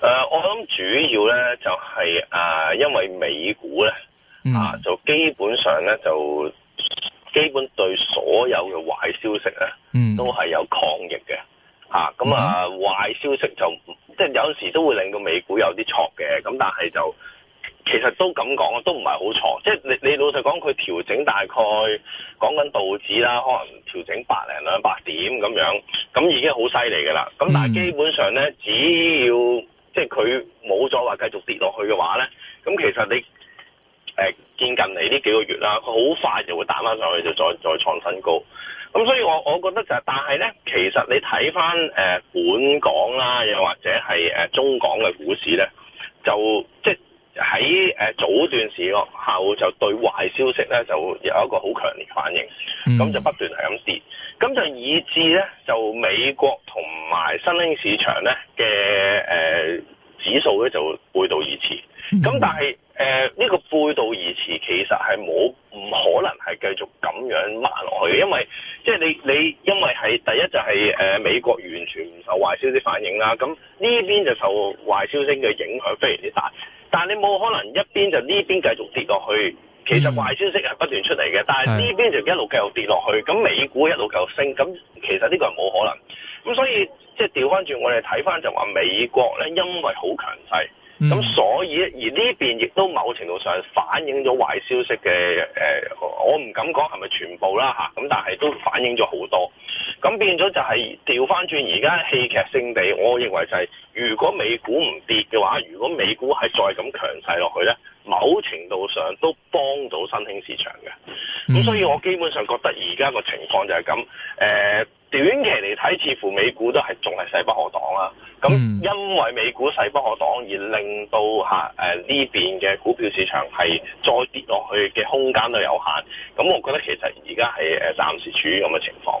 誒，uh, 我諗主要咧就係、是、誒、啊，因為美股咧、mm. 啊，就基本上咧就基本對所有嘅壞消息咧，mm. 都係有抗逆嘅吓。咁啊，壞、啊 uh huh. 消息就即係有陣時都會令到美股有啲錯嘅。咁但係就其實都咁講都唔係好錯。即係你你老實講，佢調整大概講緊道指啦，可能調整百零兩百點咁樣，咁已經好犀利噶啦。咁但係基本上咧，mm. 只要即係佢冇咗話繼續跌落去嘅話咧，咁其實你誒、呃、見近嚟呢幾個月啦，佢好快就會彈翻上去，就再再創新高。咁所以我我覺得就係、是，但係咧，其實你睇翻誒本港啦，又或者係誒、呃、中港嘅股市咧，就即係喺誒早段時候就對壞消息咧就有一個好強烈反應，咁就不斷係咁跌，咁就以至咧就美國同埋新興市場咧嘅。的指數咧就背道而馳，咁但係誒呢個背道而馳其實係冇唔可能係繼續咁樣埋落去，因為即係、就是、你你因為係第一就係、是、誒、呃、美國完全唔受壞消息反應啦，咁呢邊就受壞消息嘅影響非常之大，但係你冇可能一邊就呢邊繼續跌落去，其實壞消息係不斷出嚟嘅，但係呢邊就一路繼續跌落去，咁美股一路繼續升，咁其實呢個係冇可能，咁所以。即係調翻轉，我哋睇翻就話美國咧，因為好強勢，咁、嗯、所以而呢邊亦都某程度上反映咗壞消息嘅、呃、我唔敢講係咪全部啦嚇，咁但係都反映咗好多，咁變咗就係調翻轉，而家戲劇性地，我認為就係如果美股唔跌嘅話，如果美股係再咁強勢落去咧，某程度上都幫到新興市場嘅，咁所以我基本上覺得而家個情況就係咁誒。短期嚟睇，似乎美股都係仲係勢不可擋啦。咁因為美股勢不可擋，而令到嚇誒呢邊嘅股票市場係再跌落去嘅空間都有限。咁我覺得其實而家係誒暫時處於咁嘅情況。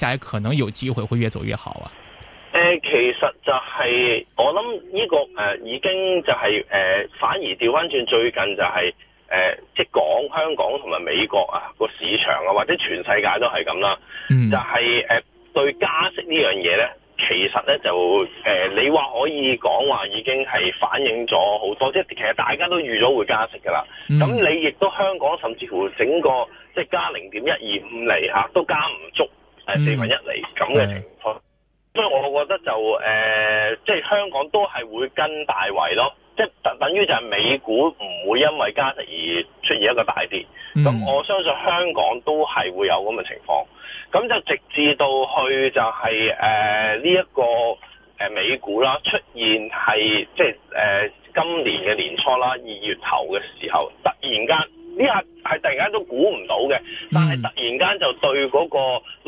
下，可能有機會會越走越好啊。誒、呃，其實就係、是、我諗呢、這個誒、呃，已經就係、是、誒、呃，反而調翻轉最近就係、是、誒，即、呃、係講香港同埋美國啊個市場啊，或者全世界都係咁啦。嗯、就係、是、誒、呃，對加息這件事呢樣嘢咧，其實咧就誒、呃，你話可以講話已經係反映咗好多，即係其實大家都預咗會加息噶啦。咁、嗯、你亦都香港甚至乎整個即係加零點一二五厘吓，都加唔足。四分一厘咁嘅情況，嗯、所以我覺得就誒、呃，即係香港都係會跟大圍咯，即係等於就係美股唔會因為加息而出現一個大跌，咁、嗯、我相信香港都係會有咁嘅情況，咁就直至到去就係誒呢一個誒、呃、美股啦出現係即係誒、呃、今年嘅年初啦二月頭嘅時候突然間。呢下係突然間都估唔到嘅，但係突然間就對嗰個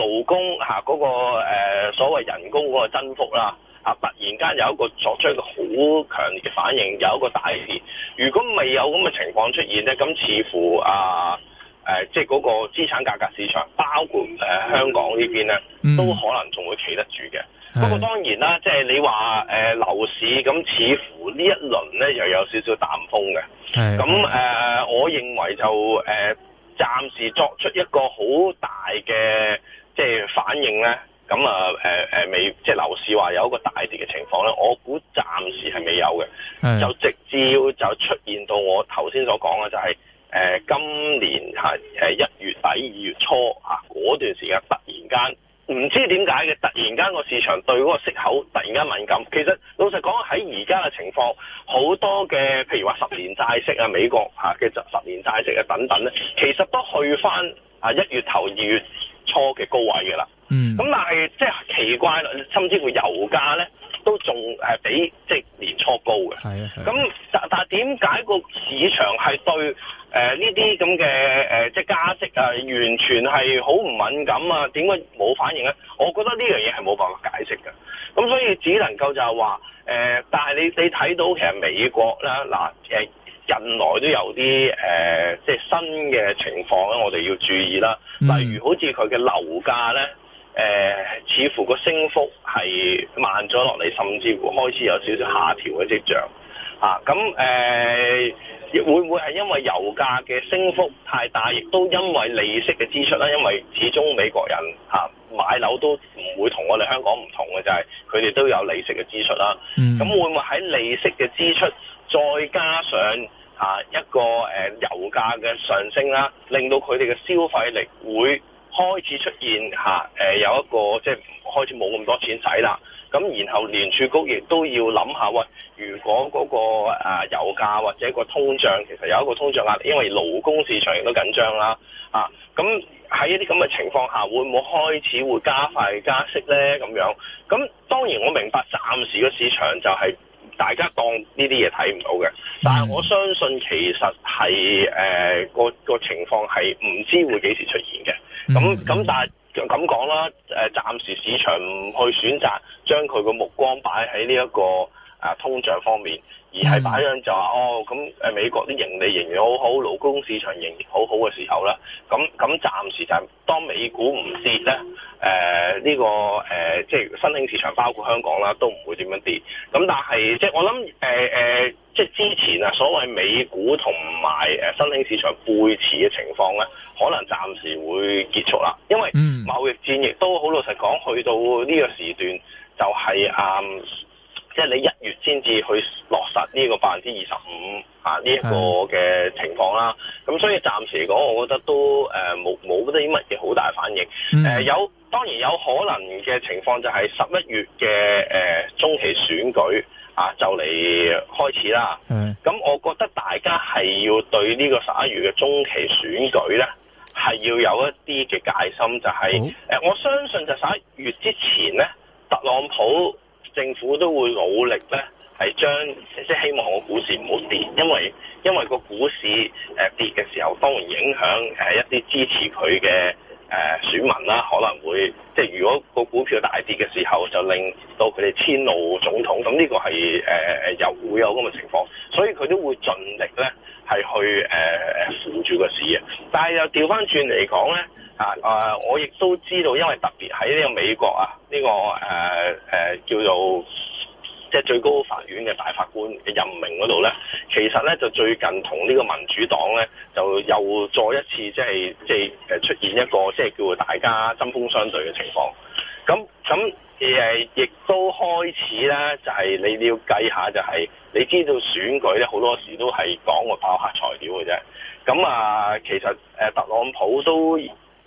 勞工嗰、嗰個、呃、所謂人工嗰個增幅啦，啊突然間有一個作出一個好強烈嘅反應，有一個大跌。如果未有咁嘅情況出現咧，咁似乎啊。誒、呃，即係嗰個資產價格市場，包括、呃、香港呢邊咧，嗯、都可能仲會企得住嘅。不過是當然啦，即係你話誒、呃、樓市咁，似乎呢一輪咧又有少少淡風嘅。係咁誒，我認為就誒、呃、暫時作出一個好大嘅即係反應咧。咁啊未、呃呃，即係樓市話有一個大跌嘅情況咧，我估暫時係未有嘅。是就直至就出現到我頭先所講嘅就係、是。誒、呃，今年吓誒、呃、一月底二月初啊，嗰段時間突然間唔知點解嘅，突然間個市場對嗰個息口突然間敏感。其實老實講喺而家嘅情況，好多嘅譬如話十年債息啊、美國吓嘅、啊、十年債息啊等等咧，其實都去翻啊一月頭二月初嘅高位嘅啦。嗯，咁但係即係奇怪啦，甚至乎油價咧都仲誒、啊、比即係。初高嘅，係啊，咁但但點解個市場係對誒呢啲咁嘅誒即係加息啊，完全係好唔敏感啊？點解冇反應咧？我覺得呢樣嘢係冇辦法解釋嘅，咁所以只能夠就係話誒，但係你你睇到其實美國啦，嗱、呃、誒，近來都有啲誒、呃、即係新嘅情況咧，我哋要注意啦，嗯、例如好似佢嘅樓價咧。誒、呃，似乎個升幅係慢咗落嚟，甚至乎開始有少少下調嘅跡象。咁、啊、誒、啊、會唔會係因為油價嘅升幅太大，亦都因為利息嘅支出啦，因為始終美國人、啊、買樓都唔會同我哋香港唔同嘅，就係佢哋都有利息嘅支出啦。咁、啊、會唔會喺利息嘅支出再加上、啊、一個、呃、油價嘅上升啦，令到佢哋嘅消費力會？開始出現嚇，誒、啊、有一個即係開始冇咁多錢使啦，咁然後聯儲局亦都要諗下，喂、呃，如果嗰、那個誒、啊、油價或者個通脹，其實有一個通脹壓力，因為勞工市場亦都緊張啦，啊，咁喺一啲咁嘅情況下，會唔會開始會加快加息呢？咁樣，咁當然我明白，暫時個市場就係、是。大家當呢啲嘢睇唔到嘅，但係我相信其實係誒個個情況係唔知會幾時出現嘅。咁咁但係咁講啦，誒、呃、暫時市場唔去選擇將佢個目光擺喺呢一個。啊，通脹方面，而係擺樣就話哦，咁誒美國啲盈利仍然好好，勞工市場仍然好好嘅時候啦，咁咁暫時就當美股唔跌咧，誒、呃、呢、這個誒即係新興市場包括香港啦，都唔會點樣跌。咁但係即係我諗誒誒，即係、呃呃、之前啊所謂美股同埋誒新興市場背馳嘅情況咧，可能暫時會結束啦。因為貿易戰亦都好老實講，去到呢個時段就係、是、啊。即係你一月先至去落實呢個百分之二十五啊呢一個嘅情況啦，咁的所以暫時嚟講，我覺得都誒冇冇啲乜嘢好大反應。嗯呃、有當然有可能嘅情況就係十一月嘅誒、呃、中期選舉啊就嚟開始啦。咁的我覺得大家係要對呢個十一月嘅中期選舉咧，係要有一啲嘅戒心，就係、是好呃、我相信就十一月之前咧，特朗普。政府都會努力咧，係將即希望個股市唔好跌，因為因為個股市、呃、跌嘅時候，當然影響一啲支持佢嘅誒選民啦，可能會即如果個股票大跌嘅時候，就令到佢哋遷怒總統，咁呢個係誒、呃、又會有咁嘅情況，所以佢都會盡力咧係去誒誒扶住個市嘅，但係又調翻轉嚟講咧。啊！誒，我亦都知道，因為特別喺呢個美國啊，呢、這個誒、啊、誒、啊、叫做即係最高法院嘅大法官嘅任命嗰度咧，其實咧就最近同呢個民主黨咧，就又再一次即係即係誒出現一個即係叫大家針鋒相對嘅情況。咁咁誒，亦都開始咧，就係、是、你要計下，就係你知道選舉咧，好多時都係講個爆黑材料嘅啫。咁啊，其實誒特朗普都，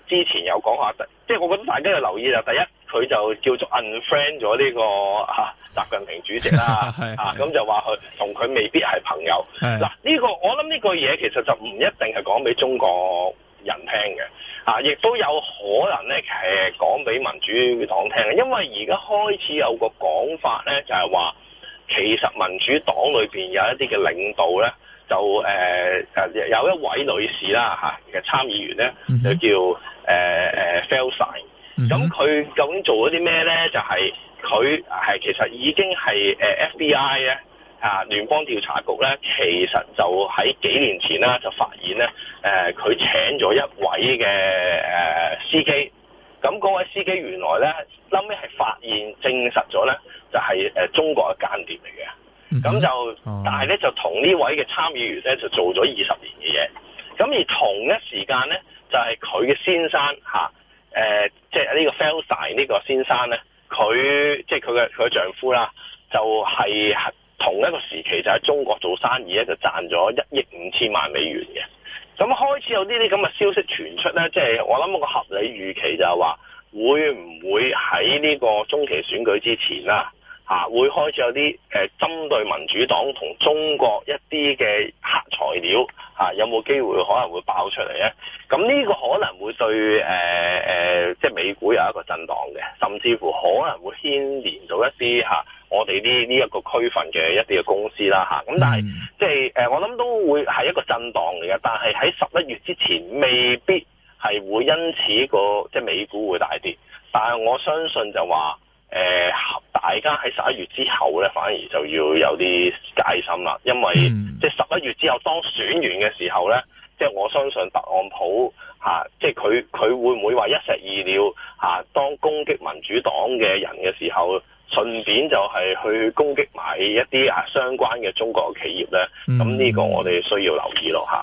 之前有講下，即係我覺得大家要留意啦。第一，佢就叫做 unfriend 咗呢個啊習近平主席啦， 啊咁就話佢同佢未必係朋友。嗱、 啊，呢個我諗呢個嘢其實就唔一定係講俾中國人聽嘅，啊，亦都有可能咧，係講俾民主黨聽嘅。因為而家開始有個講法咧，就係話其實民主黨裏面有一啲嘅領導咧。就誒誒、呃、有一位女士啦吓，嘅、啊、參議員咧，就叫誒誒 Feinstein。咁佢究竟做咗啲咩咧？就係佢係其實已經係誒 FBI 咧嚇、啊、聯邦調查局咧，其實就喺幾年前啦就發現咧誒佢請咗一位嘅誒、呃、司機。咁嗰位司機原來咧臨尾係發現證實咗咧，就係、是、誒中國嘅間諜嚟嘅。咁就，但係咧就同呢位嘅參議員咧就做咗二十年嘅嘢，咁而同一時間咧就係佢嘅先生吓，誒，即係呢個 Feinstein 呢個先生咧，佢即係佢嘅佢嘅丈夫啦，就係同一個時期就喺中國做生意咧就賺咗一億五千萬美元嘅，咁開始有呢啲咁嘅消息傳出咧，即係我諗個合理預期就係話，會唔會喺呢個中期選舉之前啦？啊，會開始有啲、呃、針對民主黨同中國一啲嘅黑材料、啊、有冇機會可能會爆出嚟咧？咁呢個可能會對誒、呃呃、即係美股有一個震盪嘅，甚至乎可能會牽連到一啲嚇、啊、我哋呢呢一個區份嘅一啲嘅公司啦咁、啊、但係即係我諗都會係一個震盪嚟嘅，但係喺十一月之前未必係會因此個即係美股會大跌，但係我相信就話。誒、呃，大家喺十一月之後咧，反而就要有啲戒心啦，因為即係十一月之後當選完嘅時候咧，即係、嗯、我相信特朗普吓、啊，即係佢佢會唔會話一石二鳥吓、啊，當攻擊民主黨嘅人嘅時候，順便就係去攻擊埋一啲啊相關嘅中國企業咧，咁呢個我哋需要留意咯吓。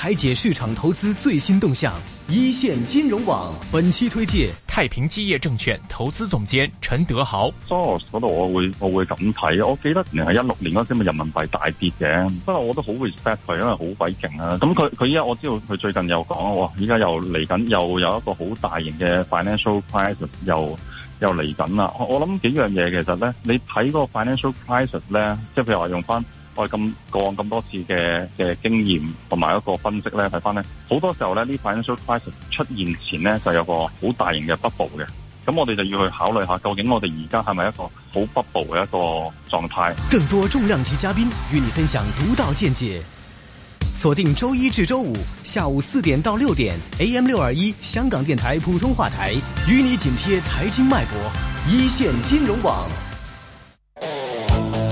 拆解市場投資最新動向，一線金融網。本期推介太平基業證券投資總監陳德豪。Soros 嗰度我會我會咁睇，我記得年係一六年嗰陣咪人民幣大跌嘅，不過我都好 respect 佢，因為好鬼勁啊。咁佢佢依家我知道佢最近又講啦，依家又嚟緊又有一個好大型嘅 financial crisis，又又嚟緊啦。我諗幾樣嘢其實咧，你睇個 financial crisis 咧，即係譬如話用翻。我咁過往咁多次嘅嘅經驗同埋一個分析咧，睇翻咧，好多時候咧呢塊 interest rate 出現前咧就有個好大型嘅 bubble 嘅，咁我哋就要去考慮下究竟我哋而家係咪一個好 bubble 嘅一個狀態。更多重量級嘉賓與你分享獨到見解，鎖定周一至周五下午四點到六點 AM 六二一香港電台普通話台，與你緊貼財經脈搏，一線金融網。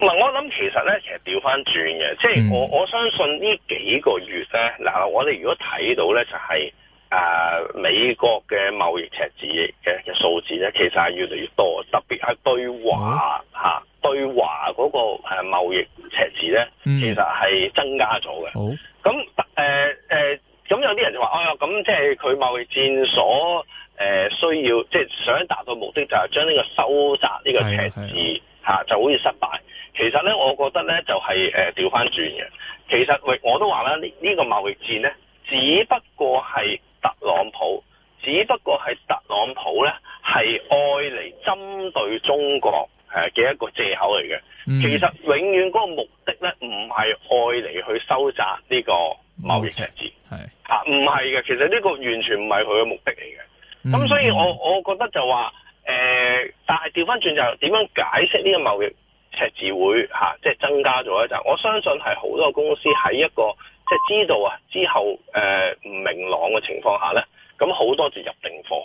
唔係，我諗其實咧，其實調翻轉嘅，即係我我相信呢幾個月咧，嗱，我哋如果睇到咧、就是，就係啊美國嘅貿易赤字嘅嘅、呃、數字咧，其實係越嚟越多，特別係對華、哦啊、對華嗰、那個、啊、貿易赤字咧，嗯、其實係增加咗嘅。好咁誒咁有啲人就話，哎呀，咁、呃嗯、即係佢貿易戰所、呃、需要，即係想達到的目的，就係將呢個收窄呢個赤字、啊、就好似失敗。其實咧，我覺得咧就係誒調翻轉嘅。其實喂，我都話啦，呢、這、呢個貿易戰咧，只不過係特朗普，只不過係特朗普咧係愛嚟針對中國誒嘅、呃、一個藉口嚟嘅。其實永遠嗰個目的咧，唔係愛嚟去收窄呢個貿易赤字係啊，唔係嘅。其實呢個完全唔係佢嘅目的嚟嘅。咁、嗯、所以我我覺得就話誒、呃，但係調翻轉就點、呃、樣解釋呢個貿易？赤字會、嚇、即係增加咗咧。就我相信係好多公司喺一個即係知道啊之後誒、呃、唔明朗嘅情況下咧，咁好多就入定貨。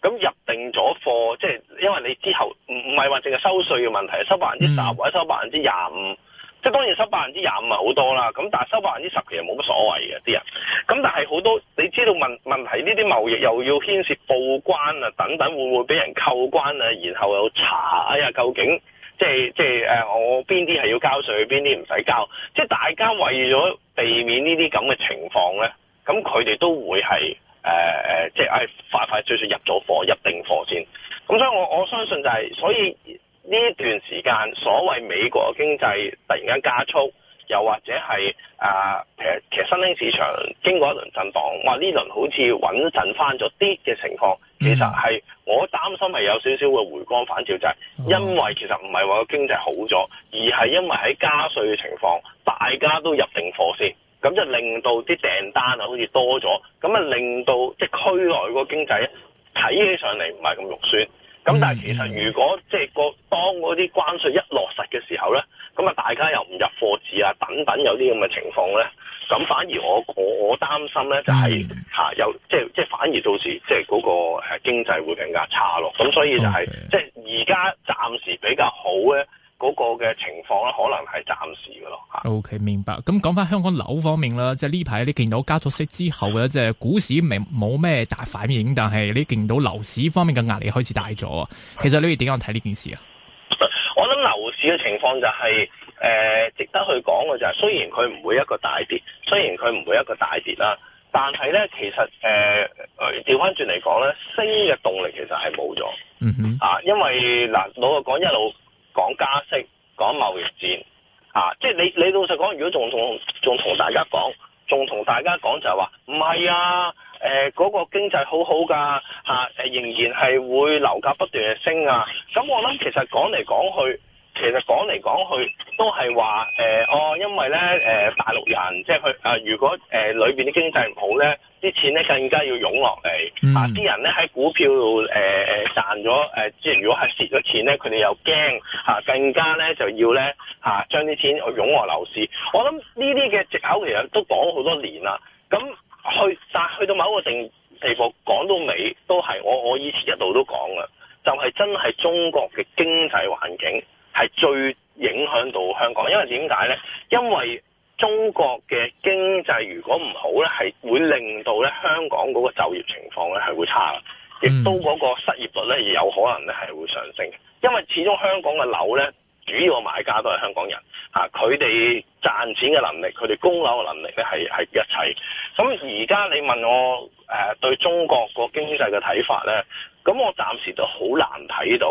咁入定咗貨，即係因為你之後唔唔係話淨係收稅嘅問題，收百分之十或者收百分之廿五、嗯，即係當然收百分之廿五係好多啦。咁但係收百分之十其實冇乜所謂嘅啲人。咁但係好多你知道問問題呢啲貿易又要牽涉報關啊等等，會唔會俾人扣關啊？然後又查、啊，哎呀究竟？即係即係誒、呃，我邊啲係要交稅，邊啲唔使交？即係大家為咗避免這這呢啲咁嘅情況咧，咁佢哋都會係誒、呃、即係快快脆脆入咗貨，入定貨先。咁所以我我相信就係、是，所以呢段時間所謂美國嘅經濟突然間加速，又或者係啊、呃，其實其實新興市場經過一輪震盪，話呢輪好似穩陣翻咗啲嘅情況。其實係我擔心係有少少嘅回光返照，就係、是、因為其實唔係話個經濟好咗，而係因為喺加稅嘅情況，大家都入定貨先，咁就令到啲訂單啊好似多咗，咁啊令到即係區內個經濟睇起上嚟唔係咁肉酸，咁但係其實如果即係個當嗰啲關稅一落實嘅時候咧。咁啊，大家又唔入貨字啊，等等有啲咁嘅情況咧，咁反而我我我擔心咧就係嚇，有即係即係反而到時即係嗰個誒經濟會更加差咯。咁所以就係即係而家暫時比較好咧，嗰個嘅情況咧可能係暫時嘅咯嚇。O K，明白。咁講翻香港樓方面啦，即係呢排你見到加咗息之後嘅，即係股市未冇咩大反應，但係你見到樓市方面嘅壓力開始大咗啊。其實你哋點樣睇呢件事啊？主要情況就係、是、誒、呃、值得去講嘅就係、是，雖然佢唔會一個大跌，雖然佢唔會一個大跌啦，但係呢，其實誒調返轉嚟講呢升嘅動力其實係冇咗，嗯哼、啊、因為嗱老實講一路講加息、講貿易戰、啊、即係你，你老實講，如果仲同大家講，仲同大家講就係話唔係啊，誒、呃、嗰、那個經濟好好、啊、㗎、啊、仍然係會樓價不斷嘅升啊，咁我諗其實講嚟講去。其實講嚟講去都係話，誒、呃，我、哦、因為咧，誒、呃，大陸人即係佢，誒、呃，如果誒、呃、裏邊啲經濟唔好咧，啲錢咧更加要湧落嚟，啲、嗯啊、人咧喺股票度誒誒、呃、賺咗，誒、呃，即係如果係蝕咗錢咧，佢哋又驚，吓、啊、更加咧就要咧吓、啊、將啲錢去湧落樓市。我諗呢啲嘅藉口其實都講咗好多年啦。咁去，但係去到某個定地步，講到尾都係我我以前一路都講噶，就係、是、真係中國嘅經濟環境。係最影響到香港，因為點解呢？因為中國嘅經濟如果唔好呢，係會令到香港嗰個就業情況呢，係會差嘅，亦都嗰個失業率呢，有可能呢係會上升嘅。因為始終香港嘅樓呢，主要買家都係香港人啊，佢哋賺錢嘅能力，佢哋供樓嘅能力呢係係一切。咁而家你問我誒對中國個經濟嘅睇法呢，咁我暫時就好難睇到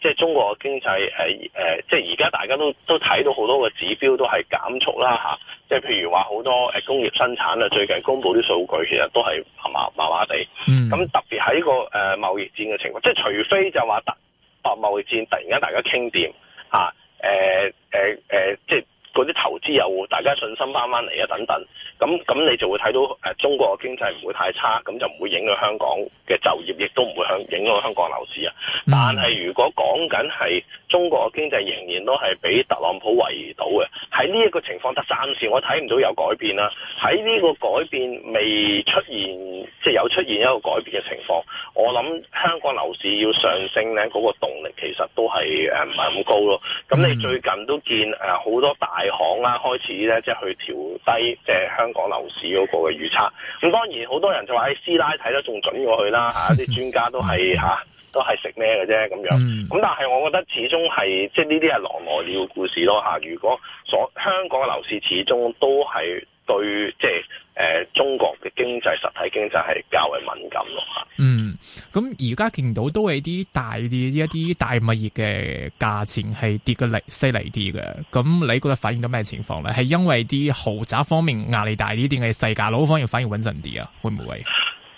即係中國嘅經濟、呃、即係而家大家都都睇到好多個指標都係減速啦，即係、吓、譬如話好多工業生產啊，最近公布啲數據其實都係麻麻麻麻地，咁、嗯、特別喺、呢個、呃、貿易戰嘅情況，即係除非就話突貿貿易戰突然間大家傾掂、吓呃呃呃、即係。嗰啲投資又大家信心翻翻嚟啊，等等，咁咁你就會睇到、呃、中國嘅經濟唔會太差，咁就唔會影響香港嘅就業，亦都唔會影響香港樓市啊。但係如果講緊係中國嘅經濟仍然都係俾特朗普圍堵嘅，喺呢一個情況，得暫時我睇唔到有改變啦。喺呢個改變未出現。即係有出現一個改變嘅情況，我諗香港樓市要上升咧，嗰、嗰個動力其實都係唔係咁高咯。咁你最近都見好、啊、多大行啦、啊、開始咧，即係去調低即係香港樓市嗰個嘅預測。咁、嗯、當然好多人就話，喺師奶睇得仲準過佢啦啲、 啊、專家都係、啊、都係食咩嘅啫咁樣。咁、 嗯、但係我覺得始終係即係呢啲係狼來了故事咯、啊、如果所香港嘅樓市始終都係。對，即係誒，中國嘅經濟實體經濟係較為敏感咯吓。嗯，咁而家見到都係啲大啲一啲大物業嘅價錢係跌得犀利啲嘅，咁你覺得反映到咩情況咧？係因為啲豪宅方面壓力大啲定係細價樓方面反而穩陣啲啊？會唔會？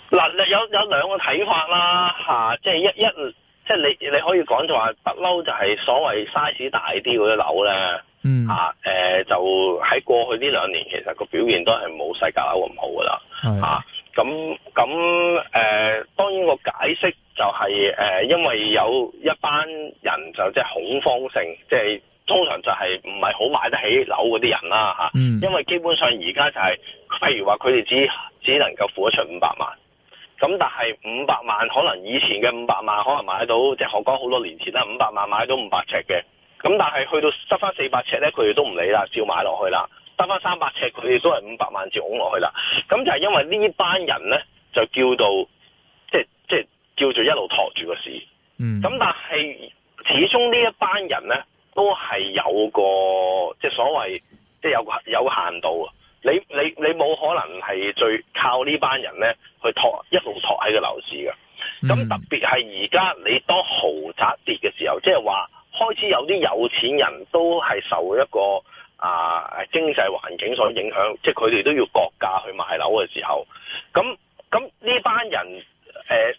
嗱，有有兩個睇法啦吓、啊，即係一一即係你你可以講就話不嬲就係所謂 size 大啲嗰啲樓咧。嗯誒、啊呃，就喺過去呢兩年，其實個表現都係冇細價樓咁好噶啦，吓咁咁誒，當然個解釋就係、是、誒、呃，因為有一班人就即係、就是、恐慌性，即、就、係、是、通常就係唔係好買得起樓嗰啲人啦，吓、啊，嗯、因為基本上而家就係、是，譬如話佢哋只只能夠付得出五百萬，咁但係五百萬可能以前嘅五百萬可能買到，即係我講好多年前啦，五百萬買到五百尺嘅。咁但係去到得翻四百尺咧，佢哋都唔理啦，照買落去啦。得翻三百尺，佢哋都係五百萬照供落去啦。咁就係因為呢班人咧，就叫做即係即係叫做一路托住個市。嗯。咁但係始終呢一班人咧，都係有個即係、即係、所謂即係有個、有個限度。你你你冇可能係最靠呢班人咧去托一路托喺個樓市嘅。咁特別係而家你當豪宅跌嘅時候，即係話。開始有啲有錢人都係受一個啊經濟環境所影響，即係佢哋都要割價去買樓嘅時候。咁，咁呢班人誒，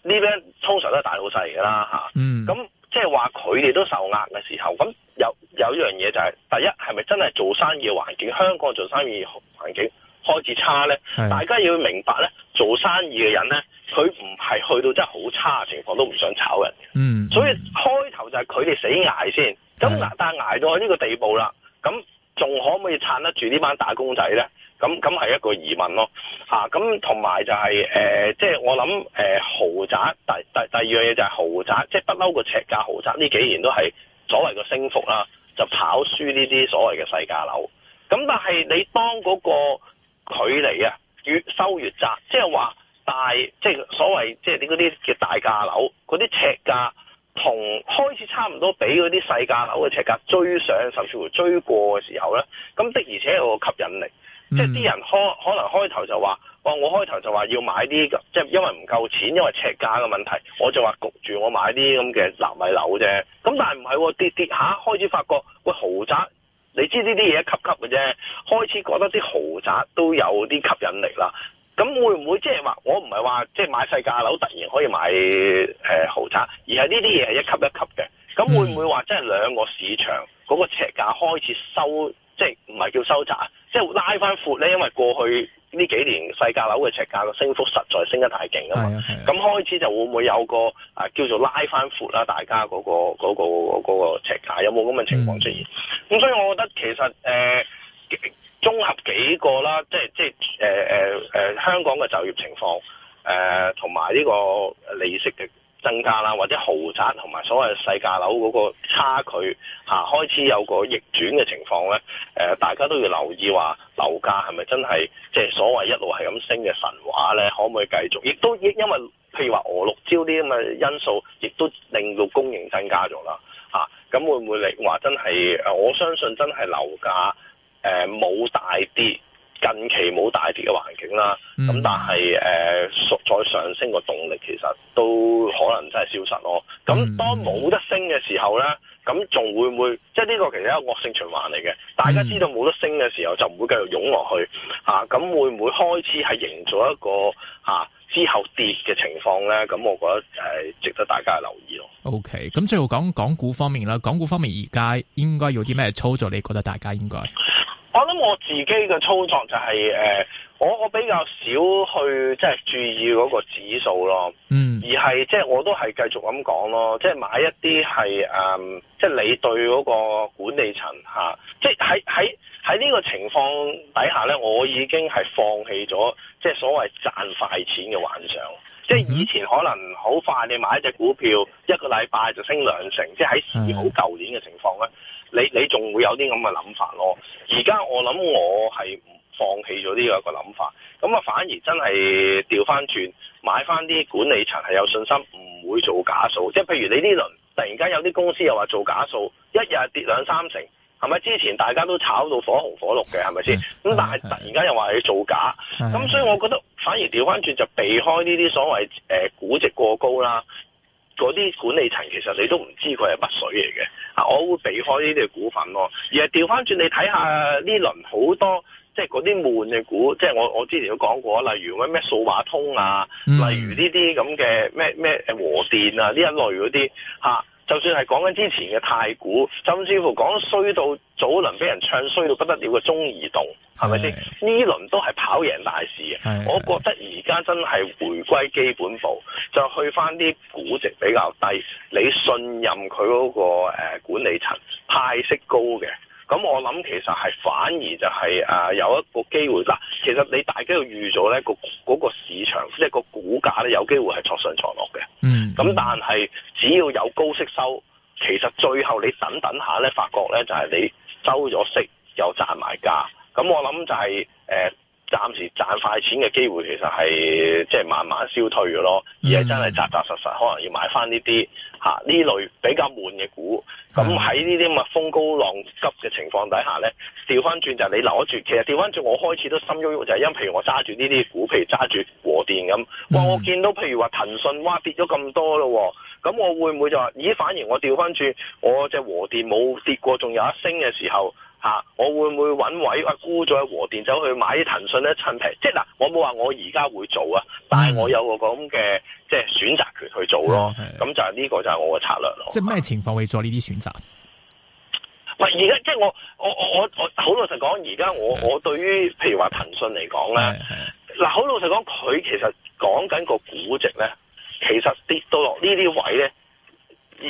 呢班通常都係大老細嚟㗎啦嚇。嗯。咁即係話佢哋都受壓嘅時候，咁有，有一樣嘢就係、是、第一係咪真係做生意環境？香港做生意環境？開始差咧，是大家要明白咧，做生意嘅人咧，佢唔係去到真係好差情況都唔想炒人嘅。嗯，所以開頭就係佢哋死捱先。咁但係捱到呢個地步啦，咁仲可唔可以撐得住呢班打工仔咧？咁咁係一個疑問咯。嚇，咁同埋就係誒，即係我諗誒、呃、豪宅，第第第二樣嘢就係豪宅，即係不嬲個尺價豪宅呢幾年都係所謂個升幅啦，就炒輸呢啲所謂嘅細價樓。咁但係你當嗰、嗰個。距離啊，越收越窄，即係話大即係、即係、所謂即係點嗰啲叫大價樓，嗰啲尺價同開始差唔多，俾嗰啲細價樓嘅尺價追上甚至乎追過嘅時候咧，咁的而且確有個吸引力，即係啲人開可能開頭就話，我開頭就話要買啲即係因為唔夠錢，因為尺價嘅問題，我就話焗住我買啲咁嘅納米樓啫。咁但係唔係跌跌下、啊、開始發覺，喂，豪宅。你知呢啲嘢一級級嘅啫，開始覺得啲豪宅都有啲吸引力啦。咁會唔會即係話，我唔係話即係買細價樓突然可以買豪宅，而係呢啲嘢係一級一級嘅。咁會唔會話真係兩個市場嗰個尺價開始收，即係唔係叫收窄，即係拉翻闊咧？因為過去。呢幾年細價樓嘅尺價個升幅實在升得太勁啊嘛，咁開始就會唔會有個啊叫做拉翻闊啦，大家嗰、嗰個嗰、嗰個嗰個嗰個嗰個尺價有冇咁嘅情況出現？咁、嗯、所以我覺得其實誒、呃、綜合幾個啦，即係即係誒誒誒香港嘅就業情況誒同埋呢個利息嘅。增加啦，或者豪宅同埋所謂細價樓嗰個差距吓、啊、開始有個逆轉嘅情況咧。誒、呃，大家都要留意話樓價係咪真係即係所謂一路係咁升嘅神話咧？可唔可以繼續？亦都亦因為譬如話俄六招啲咁嘅因素，亦都令到供應增加咗啦。吓、啊，咁會唔會你話真係誒我相信真係樓價誒冇、呃、大跌。近期冇大跌嘅環境啦，咁、嗯、但係誒、呃、再上升個動力其實都可能真係消失咯。咁、嗯、當冇得升嘅時候呢，咁仲會唔會即係呢個其實一個惡性循環嚟嘅？大家知道冇得升嘅時候就唔會繼續湧落去咁、嗯啊、會唔會開始係營造一個嚇、啊、之後跌嘅情況呢？咁我覺得值得大家留意咯。OK，咁最後講港股方面啦，港股方面而家應該有啲咩操作？你覺得大家應該？我諗我自己嘅操作就係誒，我我比較少去即係注意嗰個指數咯，嗯，而係即係我都係繼續咁講咯，即係買一啲係誒，即係你對嗰個管理層嚇、啊，即係喺喺喺呢個情況底下咧，我已經係放棄咗即係所謂賺快錢嘅幻想，即係以前可能好快你買一隻股票一個禮拜就升兩成，即係喺市好舊年嘅情況咧。你你仲會有啲咁嘅諗法咯？而家我諗我係放棄咗呢個諗法，咁啊反而真係調翻轉買翻啲管理層係有信心唔會做假數，即係譬如你呢輪突然間有啲公司又話做假數，一日跌兩三成，係咪之前大家都炒到火紅火綠嘅係咪先？咁但係突然間又話你做假，咁所以我覺得反而調翻轉就避開呢啲所謂誒估值過高啦。嗰啲管理層其實你都唔知佢係乜水嚟嘅，啊，我會避開呢啲股份咯。而係調翻轉你睇下呢輪好多即係嗰啲悶嘅股，即係我我之前都講過例如咩咩數碼通啊，例如呢啲咁嘅咩咩和電啊呢一類嗰啲嚇。啊。就算係講緊之前嘅太古，甚至乎講衰到早輪俾人唱衰到不得了嘅中移動，係咪先？呢的輪都係跑贏大市嘅。的我覺得而家真係回歸基本步，就去翻啲估值比較低，你信任佢嗰、嗰個、呃、管理層派息高嘅。咁我諗其實係反而就係、是、誒、呃、有一個機會嗱，其實你大家要預咗呢、那個嗰、那個市場即係、就是、個股價呢，有機會係挫上挫落嘅，嗯，咁但係只要有高息收，其實最後你等等下呢，發覺呢就係、是、你收咗息又賺埋價，咁我諗就係、是、誒。呃暫時賺快錢嘅機會其實係即係慢慢消退嘅咯，而係真係扎扎實實，實，可能要買翻呢啲嚇呢類比較悶嘅股。咁喺呢啲咁嘅風高浪急嘅情況底下呢，調翻轉就係你留得住。其實調翻轉，我開始都心喐喐，就係、是、因為譬如我揸住呢啲股，譬如揸住和電咁。哇！嗯、我見到譬如話騰訊哇跌咗咁多咯，咁我會唔會就話咦？反而我調翻轉，我隻和電冇跌過，仲有一升嘅時候？啊、我會唔會揾位啊沽咗喺和電走去買啲騰訊咧趁平？即係嗱，我冇話我而家會做啊，但係我，我有個咁嘅即係選擇權去做咯。咁、啊啊、就係、是、呢、這個就係我個策略咯。啊啊、即係咩情況會做呢啲選擇？唔係而家，即係我我我我我好老實講，而家我、啊、我對於譬如話騰訊嚟講咧，嗱好、啊啊、老實講，佢其實講緊個估值咧，其實跌到落呢啲位咧。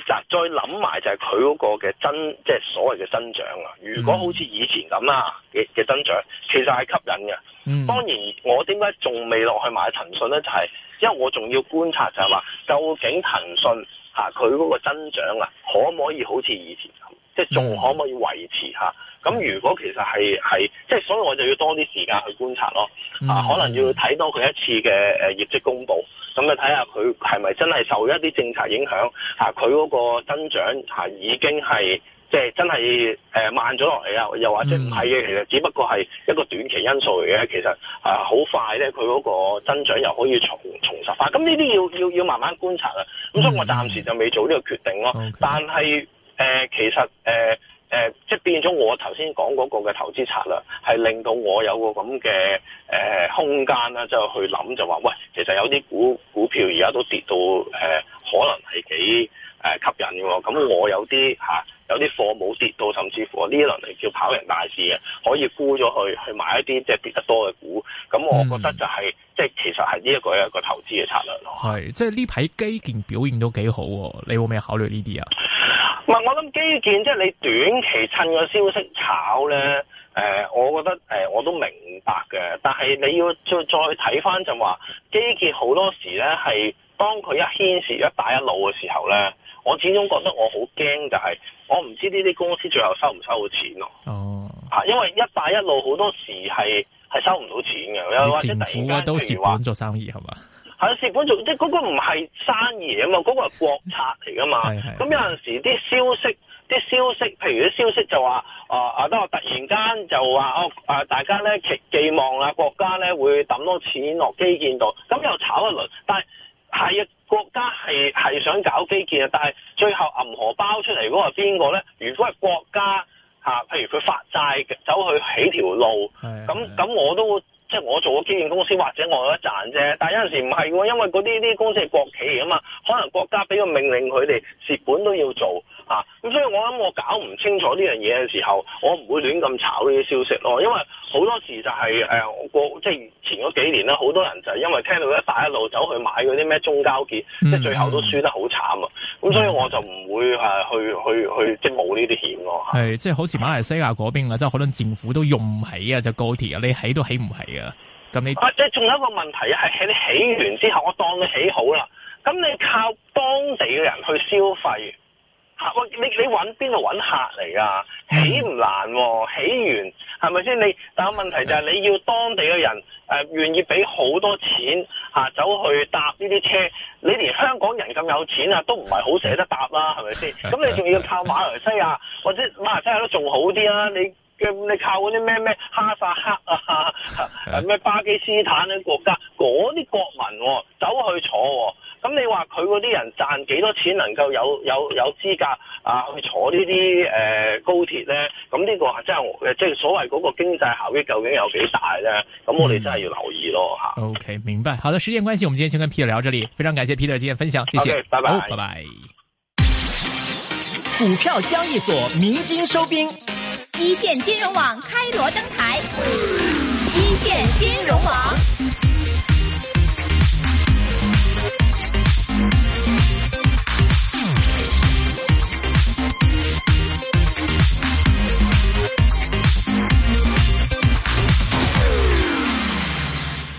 再諗埋就係佢嗰個嘅增，即係所謂嘅增長啊。如果好似以前咁啦嘅嘅增長，其實係吸引嘅。當然，我點解仲未落去買騰訊咧？就係、是、因為我仲要觀察就係話，究竟騰訊嚇佢嗰個增長啊，可唔可以好似以前咁，即係仲可唔可以維持下？咁如果其實係係，即係所以我就要多啲時間去觀察咯，嗯、啊，可能要睇多佢一次嘅、呃、業績公佈，咁啊睇下佢係咪真係受一啲政策影響，佢、啊、嗰個增長、啊、已經係即係真係、呃、慢咗落嚟啊，又或者唔係嘅，嗯、其實只不過係一個短期因素嚟嘅，其實啊好快咧，佢嗰個增長又可以重重實化。咁呢啲要要要慢慢觀察啦。咁所以我暫時就未做呢個決定咯。嗯 okay. 但係、呃、其實、呃誒、呃，即變咗我頭先講嗰個嘅投資策略，係令到我有個咁嘅誒空間啦，就去諗就話，喂，其實有啲股股票而家都跌到誒、呃，可能係幾誒、呃、吸引嘅喎。咁我有啲、啊、有啲貨冇跌到，甚至乎呢一輪係叫跑贏大市嘅，可以沽咗去去買一啲即係跌得多嘅股。咁我覺得就係、是、即、嗯就是、其實係呢一個一個投資嘅策略咯。係，即係呢排基建表現都幾好、啊，你會唔會考慮呢啲啊？唔係我諗基建即係、就是、你短期趁個消息炒咧，誒、呃，我覺得誒、呃、我都明白嘅。但係你要再再睇翻就話，基建好多時咧係當佢一牽涉一帶一路嘅時候咧，我始終覺得我好驚就係，我唔知呢啲公司最後收唔收到錢咯。哦，因為一帶一路好多時係係收唔到錢嘅，又、啊、或者突然間都蝕本做生意，係咪？但係蝕本做即係嗰個唔係生意啊、那個、嘛，嗰個係國策嚟噶嘛。咁有陣時啲消息、啲消息，譬如啲消息就話，啊啊都話突然間就話，哦、呃、啊大家咧寄寄望啦，國家咧會抌多錢落基建度，咁又炒一輪。但係啊，國家係係想搞基建啊，但係最後銀荷包出嚟嗰個係邊個咧？如果係國家嚇、啊，譬如佢發債走去起條路，咁咁 的我都。即係我做個基建公司，或者我有得賺啫。但有陣時唔係喎，因為嗰啲啲公司係國企嚟㗎嘛，可能國家俾個命令佢哋蝕本都要做啊。咁所以我諗我搞唔清楚呢樣嘢嘅時候，我唔會亂咁炒呢啲消息咯。因為好多時就係、是、誒，即、呃、係前嗰幾年咧，好多人就係因為聽到一帶一路走去買嗰啲咩中交建，即係、嗯、最後都輸得好慘啊。咁所以我就唔會誒去、嗯、去去即係、就是、冒呢啲險咯。係即係好似馬來西亞嗰邊啊，即係的可能政府都用唔起啊，就高鐵啊，你起都起唔起啊。咁你，仲、啊、有一個問題啊，係喺你起完之後，我當你起好啦，咁你靠當地嘅人去消費，你你揾邊度揾客嚟噶？起唔難、啊，起完係咪先？你但係問題就係、是、你要當地嘅人誒願、呃、意俾好多錢、啊、走去搭呢啲車，你連香港人咁有錢啊，都唔係好捨得搭啦，係咪先？咁你仲要靠馬來西亞，或者馬來西亞都仲好啲啦，你。你靠嗰啲咩咩哈薩克啊，咩巴基斯坦啲國家，嗰啲國民、哦、走去坐、哦，咁你話佢嗰啲人賺幾多錢能夠有有有資格啊去坐這些、呃、呢啲誒高鐵咧？咁呢、這個係真係即係所謂嗰個經濟效益究竟有幾大咧？咁我哋真係要留意咯吓、嗯。OK，明白。好的，時間關係，我們今天先跟 Peter 聊這裡，非常感謝 Peter 今日分享，謝謝。拜拜、okay，拜拜。Bye bye 股票交易所鳴金收兵。一線金融網開鑼登台，一線金融網。